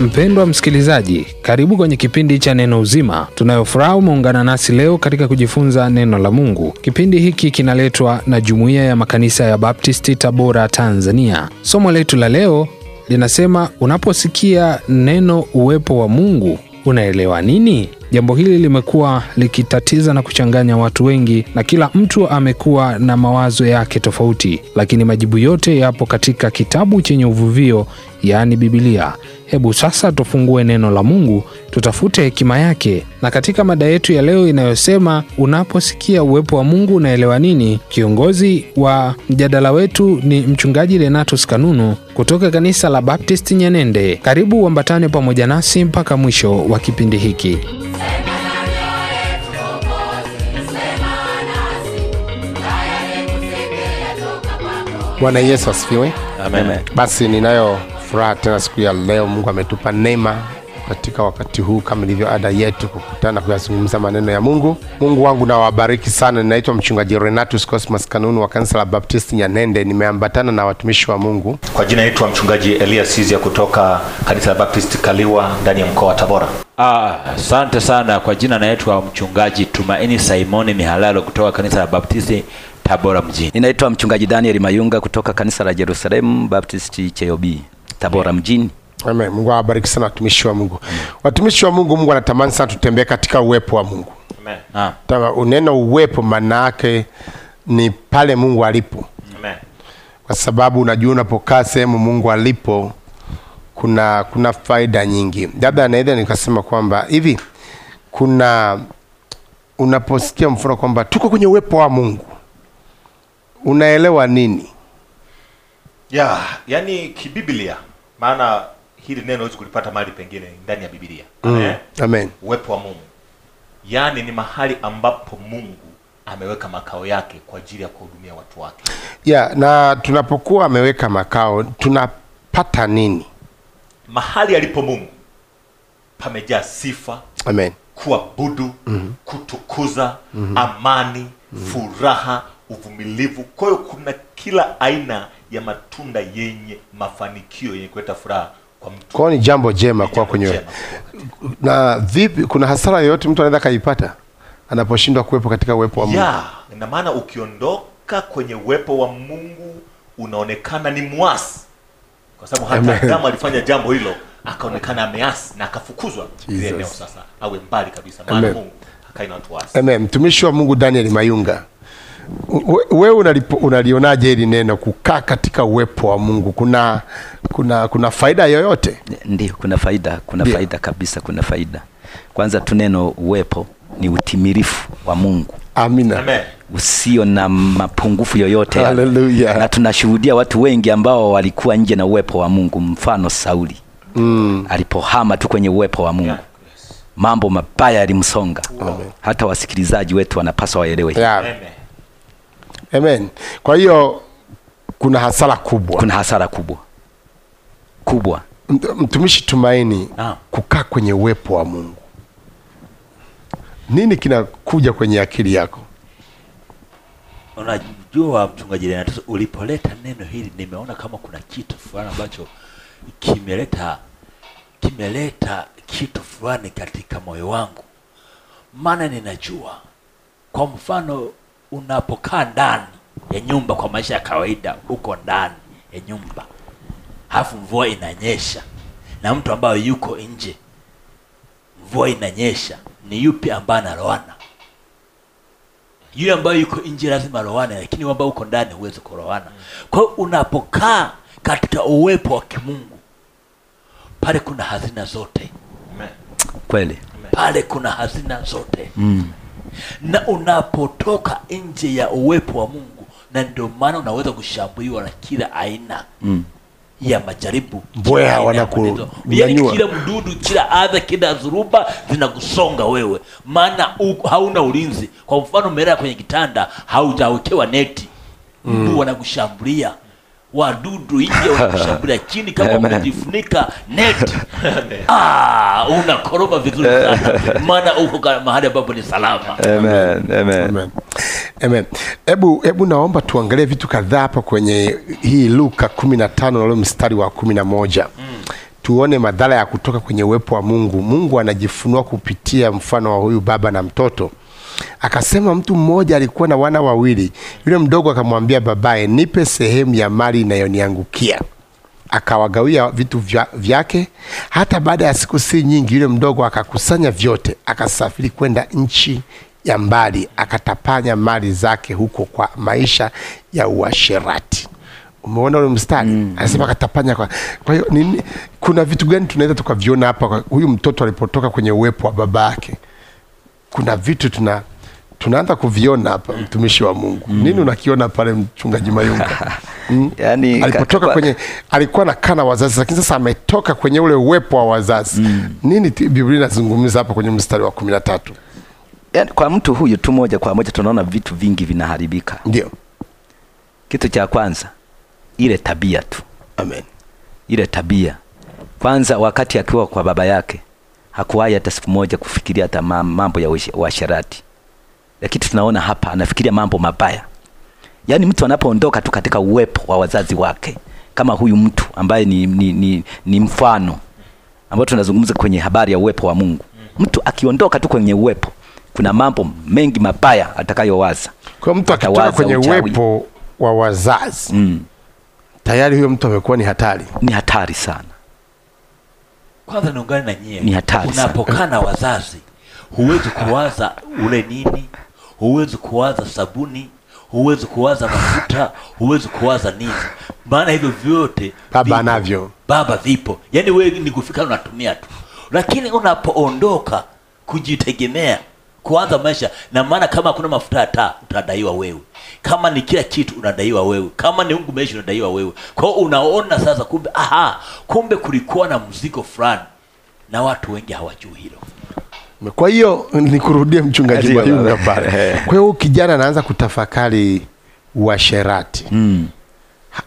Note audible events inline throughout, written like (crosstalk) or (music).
Mpendwa msikilizaji, karibu kwenye kipindi cha Neno Uzima. Tunayofuraha umeungana nasi leo katika kujifunza neno la Mungu. Kipindi hiki kinaletwa na Jumuiya ya Makanisa ya Baptisti, Tabora, Tanzania. Somo letu la leo linasema, unaposikia neno uwepo wa Mungu unaelewa nini? Jambo hili limekuwa likitatiza na kuchanganya watu wengi, na kila mtu amekuwa na mawazo yake tofauti, lakini majibu yote yapo katika kitabu chenye uvuvio, yaani bibilia Hebu sasa tufungue neno la Mungu, tutafute hekima yake. Na katika mada yetu ya leo inayosema unaposikia uwepo wa Mungu unaelewa nini, kiongozi wa mjadala wetu ni mchungaji Renatus Kanunu kutoka kanisa la Baptisti Nyenende. Karibu uambatane pamoja nasi mpaka mwisho wa kipindi hiki. Bwana Yesu asifiwe. Basi ninayo furaha tena siku ya leo, Mungu ametupa neema katika wakati huu kama ilivyo ada yetu kukutana kuyazungumza maneno ya Mungu. Mungu wangu nawabariki sana. Ninaitwa mchungaji Renatus Cosmas Kanunu wa kanisa la Baptisti Nyanende, nimeambatana na watumishi wa Mungu. Kwa jina naitwa mchungaji Elias Sizia kutoka kanisa la Baptisti Kaliwa ndani ya mkoa wa Tabora. Ah, asante ah, sana. Kwa jina naitwa mchungaji Tumaini Simoni Mihalalo kutoka kanisa la Baptisti Tabora mjini. Ninaitwa mchungaji Daniel Mayunga kutoka kanisa la Jerusalemu Baptisti Cheobi Tabora mjini. Amen. Mungu awabariki sana watumishi wa Mungu. Amen. Watumishi wa Mungu, Mungu anatamani sana tutembee katika uwepo wa Mungu. Amen. Ah. uneno uwepo maana yake ni pale Mungu alipo. Amen. Kwa sababu unajua unapokaa sehemu Mungu alipo kuna kuna faida nyingi. Labda naweza nikasema kwamba hivi kuna unaposikia mfano kwamba tuko kwenye uwepo wa Mungu unaelewa nini? Yeah, yani kibiblia maana hili neno huwezi kulipata mahali pengine ndani ya Biblia. Mm. Eh? Amen. Uwepo wa Mungu yaani ni mahali ambapo Mungu ameweka makao yake kwa ajili ya kuhudumia watu wake. Yeah, na tunapokuwa ameweka makao tunapata nini? Mahali alipo Mungu pamejaa sifa. Amen. Kuabudu, mm -hmm. kutukuza, mm -hmm. amani, mm -hmm. furaha, uvumilivu. Kwa hiyo kuna kila aina ya matunda yenye mafanikio yenye kuleta furaha kwa ni jambo jema kwa kwenyewe. Na vipi, kuna hasara yoyote mtu anaweza kaipata anaposhindwa kuwepo katika uwepo wa Mungu? ina maana ukiondoka kwenye uwepo wa Mungu unaonekana ni mwasi, kwa sababu hata Adamu alifanya jambo hilo akaonekana ameasi na akafukuzwa eneo, sasa awe mbali kabisa na Mungu, akaina watu wasi. Amen. Mtumishi wa Mungu Daniel Mayunga wewe unalionaje hili neno kukaa katika uwepo wa Mungu? Kuna kuna kuna faida yoyote? Ndio, kuna faida, kuna Dio. faida kabisa, kuna faida. Kwanza tu neno uwepo ni utimilifu wa Mungu. Amina. Amen. Usio na mapungufu yoyote. Haleluya. Na tunashuhudia watu wengi ambao walikuwa nje na uwepo wa Mungu, mfano Sauli mm. alipohama tu kwenye uwepo wa Mungu yeah mambo mabaya yalimsonga. Hata wasikilizaji wetu wanapaswa waelewe. Yeah. Amen. Kwa hiyo kuna hasara kubwa, kuna hasara kubwa kubwa. Mtumishi Tumaini, ah, kukaa kwenye uwepo wa Mungu, nini kinakuja kwenye akili yako? Unajua mchungaji, ulipoleta neno hili nimeona kama kuna kitu fulani ambacho kimeleta kimeleta kitu fulani katika moyo wangu, maana ninajua kwa mfano unapokaa ndani ya nyumba kwa maisha ya kawaida, uko ndani ya nyumba, halafu mvua inanyesha, na mtu ambaye yuko nje, mvua inanyesha, ni yupi ambaye anaroana? Yule ambaye yuko nje lazima roane, lakini wewe ambaye uko ndani huwezi kuroana. Kwa hiyo unapokaa katika uwepo wa kimungu pale kuna hazina zote. Amen. Kweli. Amen. Pale kuna hazina zote. Mm na unapotoka nje ya uwepo wa Mungu, na ndio maana unaweza kushambuliwa na kila aina mm ya majaribu, mbweha wanakunyanyua, yaani yani kila mdudu, kila adha, kila dhuruba zinakusonga wewe, maana hauna ulinzi. Kwa mfano, umelala kwenye kitanda, haujawekewa neti, mdu mm. wanakushambulia wadudu inje wanakushambulia (laughs) chini kama umejifunika net. (laughs) (laughs) Ah, unakoroma vizuri sana maana uko mahali ambapo ni salama. Amen, amen, amen. Hebu hebu naomba tuangalie vitu kadhaa hapa kwenye hii Luka kumi na tano nalo mstari wa kumi na moja mm. Tuone madhara ya kutoka kwenye uwepo wa Mungu. Mungu anajifunua kupitia mfano wa huyu baba na mtoto Akasema mtu mmoja alikuwa na wana wawili, yule mdogo akamwambia babaye, nipe sehemu ya mali inayoniangukia. Akawagawia vitu vya, vyake. Hata baada ya siku si nyingi, yule mdogo akakusanya vyote, akasafiri kwenda nchi ya mbali, akatapanya mali zake huko kwa maisha ya uasherati. Umeona ule mstari mm. Anasema akatapanya kwa. Kwa hiyo kuna vitu gani tunaweza tukaviona hapa? Huyu mtoto alipotoka kwenye uwepo wa baba yake kuna vitu tuna tunaanza kuviona hapa, mm. mtumishi wa Mungu. mm. Nini unakiona pale, mchungaji Mayunga? (laughs) mm. Yaani alipotoka kakwa... kwenye alikuwa nakaa na wazazi, lakini sasa ametoka kwenye ule uwepo wa wazazi. mm. Nini Biblia inazungumza hapa kwenye mstari wa 13? Yaani kwa mtu huyu tu moja kwa moja tunaona vitu vingi vinaharibika. Ndio kitu cha kwanza, ile tabia tu. Amen, ile tabia kwanza, wakati akiwa kwa baba yake hakuwahi hata siku moja kufikiria hata mambo ya uasherati, lakini tunaona hapa anafikiria mambo mabaya. Yaani mtu anapoondoka tu katika uwepo wa wazazi wake, kama huyu mtu ambaye ni, ni, ni, ni mfano ambao tunazungumza kwenye habari ya uwepo wa Mungu, mtu akiondoka tu kwenye uwepo, kuna mambo mengi mabaya atakayowaza. Kwa mtu akitoka kwenye uchawi, uwepo wa wazazi mm, tayari huyo mtu amekuwa ni hatari, ni hatari sana. Kwanza niungane na nyie, ni hatari. wazazi, huwezi kuwaza ule nini, huwezi kuwaza sabuni, huwezi kuwaza mafuta, huwezi kuwaza nini, maana hivyo vyote baba anavyo, baba vipo. yani wewe ni kufika unatumia tu, lakini unapoondoka kujitegemea kuanza maisha na maana, kama hakuna mafuta hata utadaiwa wewe, kama ni kila kitu unadaiwa wewe, kama ni ungu maisha unadaiwa wewe. Kwa hiyo unaona sasa, kumbe aha, kumbe kulikuwa na mzigo fulani na watu wengi hawajui hilo. Kwa hiyo nikurudie mchungaji Mayunga pale. Kwa hiyo kijana anaanza kutafakari uasherati mm.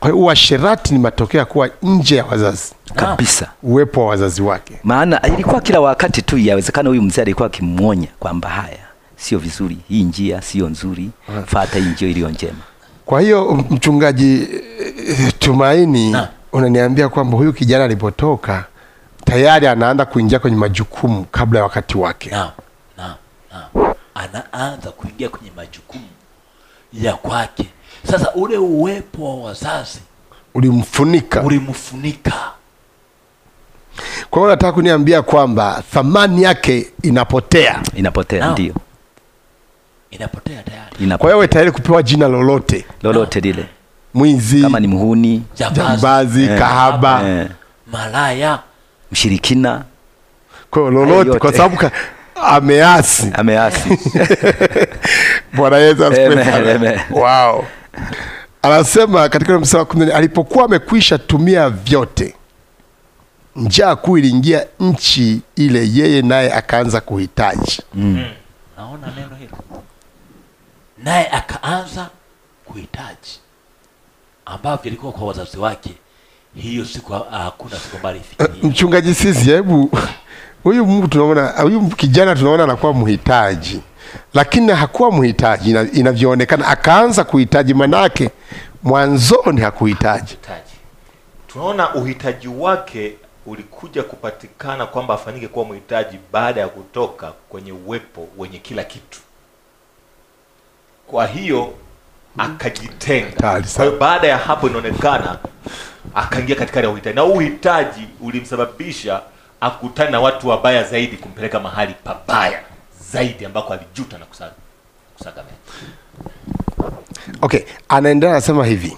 Kwa hiyo uasherati ni matokeo ya kuwa nje ya wazazi kabisa, ah, uwepo wa wazazi wake. Maana ilikuwa kila wakati tu, yawezekana huyu mzee alikuwa akimwonya kwamba haya sio vizuri, hii njia sio nzuri, ah. fuata hii njia iliyo njema. Kwa hiyo mchungaji eh, Tumaini, ah. unaniambia kwamba huyu kijana alipotoka tayari anaanza kuingia kwenye majukumu kabla ya wakati wake na, na, na. Anaanza kuingia kwenye majukumu ya kwake sasa ule uwepo wa wazazi ulimfunika, ulimfunika. Kwa hiyo nataka kuniambia kwamba thamani yake inapotea, inapotea no. Ndio inapotea tayari, inapotea. Kwa hiyo wewe tayari kupewa jina lolote lolote lile no. Mwizi, kama ni mhuni, jambazi eh, kahaba eh, malaya, mshirikina, kwa lolote, kwa sababu ameasi, ameasi. (laughs) Bwana Yesu asifiwe. Wow anasema katika mstari wa kumi, alipokuwa amekwisha tumia vyote, njaa kuu iliingia nchi ile, yeye naye akaanza kuhitaji. Mm. mm. Naona neno hilo, naye akaanza kuhitaji, ambavyo ilikuwa kwa wazazi wake hiyo siku ah, hakuna siku mbali. Eh, mchungaji sisi, hebu huyu mtu tunaona, huyu kijana tunaona anakuwa mhitaji lakini hakuwa mhitaji inavyoonekana, akaanza kuhitaji, manake mwanzoni hakuhitaji. Tunaona uhitaji wake ulikuja kupatikana kwamba afanyike kuwa mhitaji baada ya kutoka kwenye uwepo wenye kila kitu. Kwa hiyo akajitenga. Kwa hiyo baada ya hapo, inaonekana akaingia katika ya uhitaji, na uhitaji ulimsababisha akutane na watu wabaya zaidi, kumpeleka mahali pabaya zaidi ambako alijuta na kusaga, kusaga meno. Okay, anaendelea anasema hivi,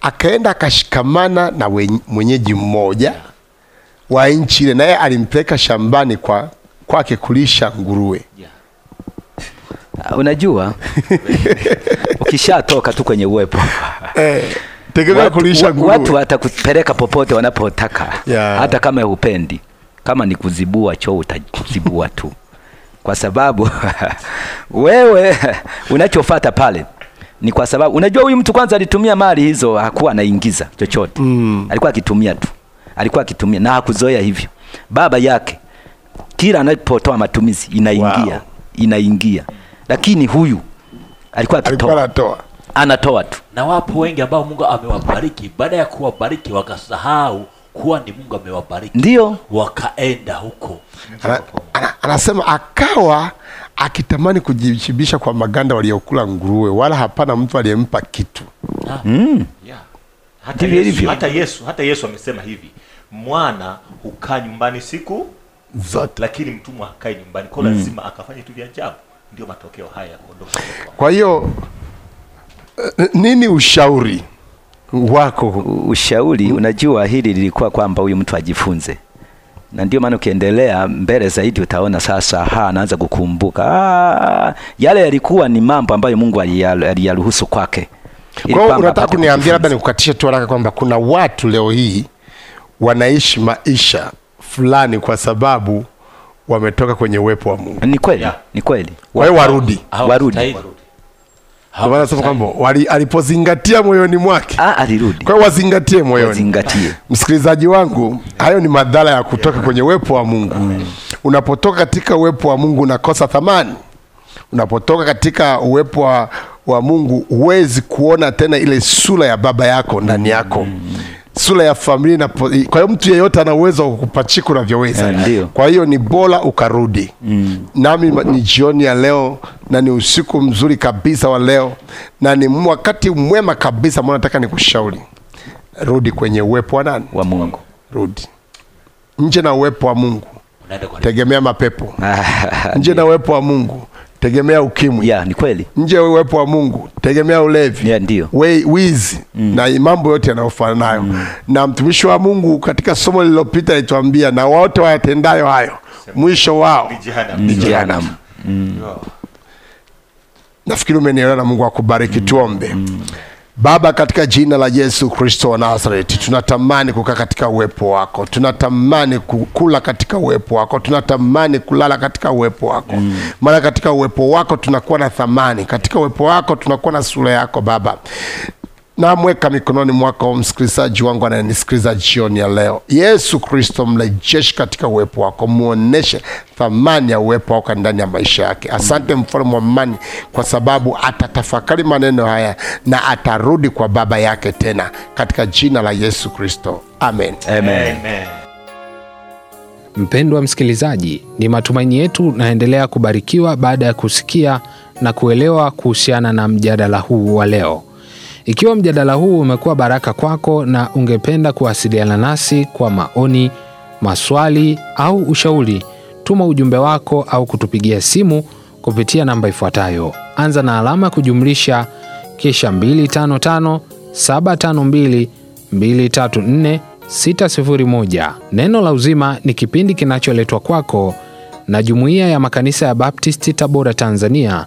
akaenda akashikamana na mwenyeji mmoja wa nchi ile, naye alimpeleka shambani kwa kwake kulisha nguruwe Uh, unajua (laughs) ukishatoka tu kwenye uwepo eh, tegemea kulisha nguruwe, watu watakupeleka popote wanapotaka yeah, hata kama hupendi. Kama ni kuzibua choo utazibua tu kwa sababu (laughs) wewe unachofata pale ni kwa sababu unajua, huyu mtu kwanza alitumia mali hizo, hakuwa anaingiza chochote mm. alikuwa akitumia tu, alikuwa akitumia na hakuzoea hivyo. Baba yake kila anapotoa matumizi inaingia, wow. inaingia, lakini huyu alikuwa akitoa anatoa tu, na wapo wengi ambao Mungu amewabariki, baada ya kuwabariki wakasahau kuwa ni Mungu amewabariki, ndio wakaenda huko. Ana, ana, anasema akawa akitamani kujishibisha kwa maganda waliokula nguruwe, wala hapana mtu aliyempa kitu ha. Ah. Mm. Yeah. Hata, Yesu, hata Yesu hata Yesu amesema hivi, mwana hukaa nyumbani siku zote, lakini mtumwa hakai nyumbani kwa hmm. lazima mm. akafanya tu vya ajabu, ndio matokeo haya. Kwa hiyo eh, nini ushauri wako ushauri. Unajua, hili lilikuwa kwamba huyu mtu ajifunze, na ndio maana ukiendelea mbele zaidi utaona sasa, ha anaanza kukumbuka ah, yale yalikuwa ni mambo ambayo Mungu aliyaruhusu kwake. Kwa hiyo unataka kuniambia, labda nikukatishe tu haraka, kwamba kuna watu leo hii wanaishi maisha fulani kwa sababu wametoka kwenye uwepo wa Mungu. Ni kweli, yeah. Ni kweli. Kwa hiyo warudi, warudi maana kwamba alipozingatia moyoni mwake ah, alirudi. Kwa hiyo wazingatie moyoni, Msikilizaji wangu, hayo ni madhara ya kutoka kwenye uwepo wa Mungu. Unapotoka katika uwepo wa Mungu unakosa thamani. Unapotoka katika uwepo wa, wa Mungu huwezi kuona tena ile sura ya baba yako ndani yako. Amen sura ya familia na kwa hiyo mtu yeyote ana uwezo wa kukupachiku unavyoweza. Eh, kwa hiyo ni bora ukarudi. mm. Nami ni jioni ya leo na ni usiku mzuri kabisa wa leo na ni wakati mwema kabisa mbona, nataka nikushauri rudi kwenye uwepo wa nani? Wa Mungu. Rudi nje na uwepo wa Mungu, tegemea mapepo (laughs) nje na uwepo wa Mungu tegemea ukimwi. Yeah, ni kweli. Nje uwepo wa Mungu, tegemea ulevi. Yeah, ndio. We, wizi mm. na mambo yote yanayofanana nayo. Mm. Na mtumishi wa Mungu katika somo lililopita alituambia na wote wayatendayo hayo mwisho wao ni jehanamu. Mm. Nafikiri umenielewa na Mungu akubariki. Mm. Tuombe. Mm. Baba, katika jina la Yesu Kristo wa Nazareti, tunatamani kukaa katika uwepo wako, tunatamani kukula katika uwepo wako, tunatamani kulala katika uwepo wako mm. Maana katika uwepo wako tunakuwa na thamani, katika uwepo wako tunakuwa na sura yako Baba namweka mikononi mwako msikilizaji wangu anayenisikiliza jioni ya leo. Yesu Kristo mrejeshi katika uwepo wako, muoneshe thamani ya uwepo wako ndani ya maisha yake. Asante mfalme wa amani, kwa sababu atatafakari maneno haya na atarudi kwa baba yake tena, katika jina la Yesu Kristo, amen. Amen. Amen. Mpendwa msikilizaji, ni matumaini yetu naendelea kubarikiwa baada ya kusikia na kuelewa kuhusiana na mjadala huu wa leo. Ikiwa mjadala huu umekuwa baraka kwako na ungependa kuwasiliana nasi kwa maoni, maswali au ushauri, tuma ujumbe wako au kutupigia simu kupitia namba ifuatayo: anza na alama kujumlisha kisha 255 Neno la Uzima ni kipindi kinacholetwa kwako na Jumuiya ya Makanisa ya Baptisti Tabora, Tanzania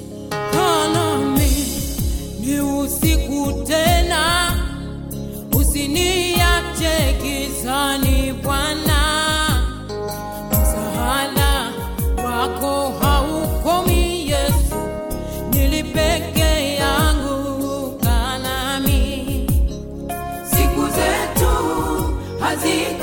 Brasil.